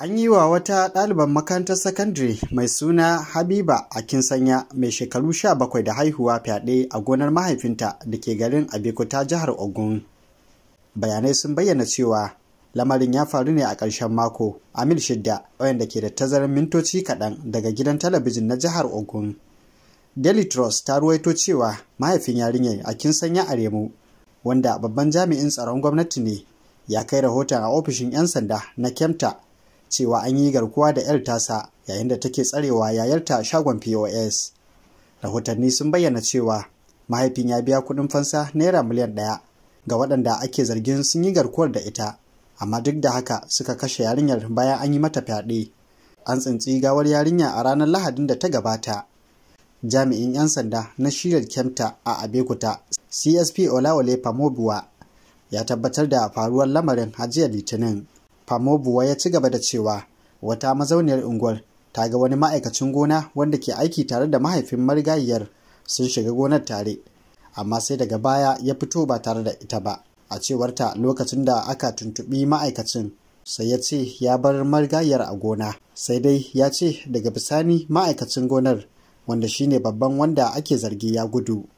an yi wa wata ɗaliban makarantar sakandare mai suna habiba a kinsanya mai shekaru sha bakwai da haihuwa fyaɗe a gonar mahaifinta da ke garin ta jihar ogun bayanai sun bayyana cewa lamarin ya faru ne a ƙarshen mako a mil shidda wayanda ke da tazarar mintoci kaɗan daga gidan talabijin na jihar ogun daily trust ta ruwaito cewa mahaifin yarinyar a kinsanya aremu wanda babban jami'in tsaron gwamnati ne ya kai rahoton a ofishin 'yan sanda na kemta cewa an yi garkuwa da 'yar tasa yayin da take tsarewa yayarta shagon pos rahotanni sun bayyana cewa mahaifin ya biya kuɗin fansa naira miliyan ɗaya ga waɗanda ake zargin sun yi garkuwar da ita amma duk da haka suka kashe yarinyar bayan an yi mata fyaɗe an tsintsi gawar yarinya a ranar lahadin da ta gabata jami'in 'yan sanda na shirin kemta a abekuta csp olawale famobuwa ya tabbatar da faruwar lamarin jiya litinin Famobuwa ya ci gaba da cewa wata mazauniyar unguwar ta ga wani ma'aikacin gona wanda ke aiki tare da mahaifin marigayiyar sun shiga gonar tare amma sai daga baya ya fito ba tare da ita ba a cewarta lokacin da aka tuntuɓi ma'aikacin sai ya ce ya bar marigayiyar a gona sai dai ya ce daga bisani ma'aikacin gonar wanda shine babban wanda ake zargi ya gudu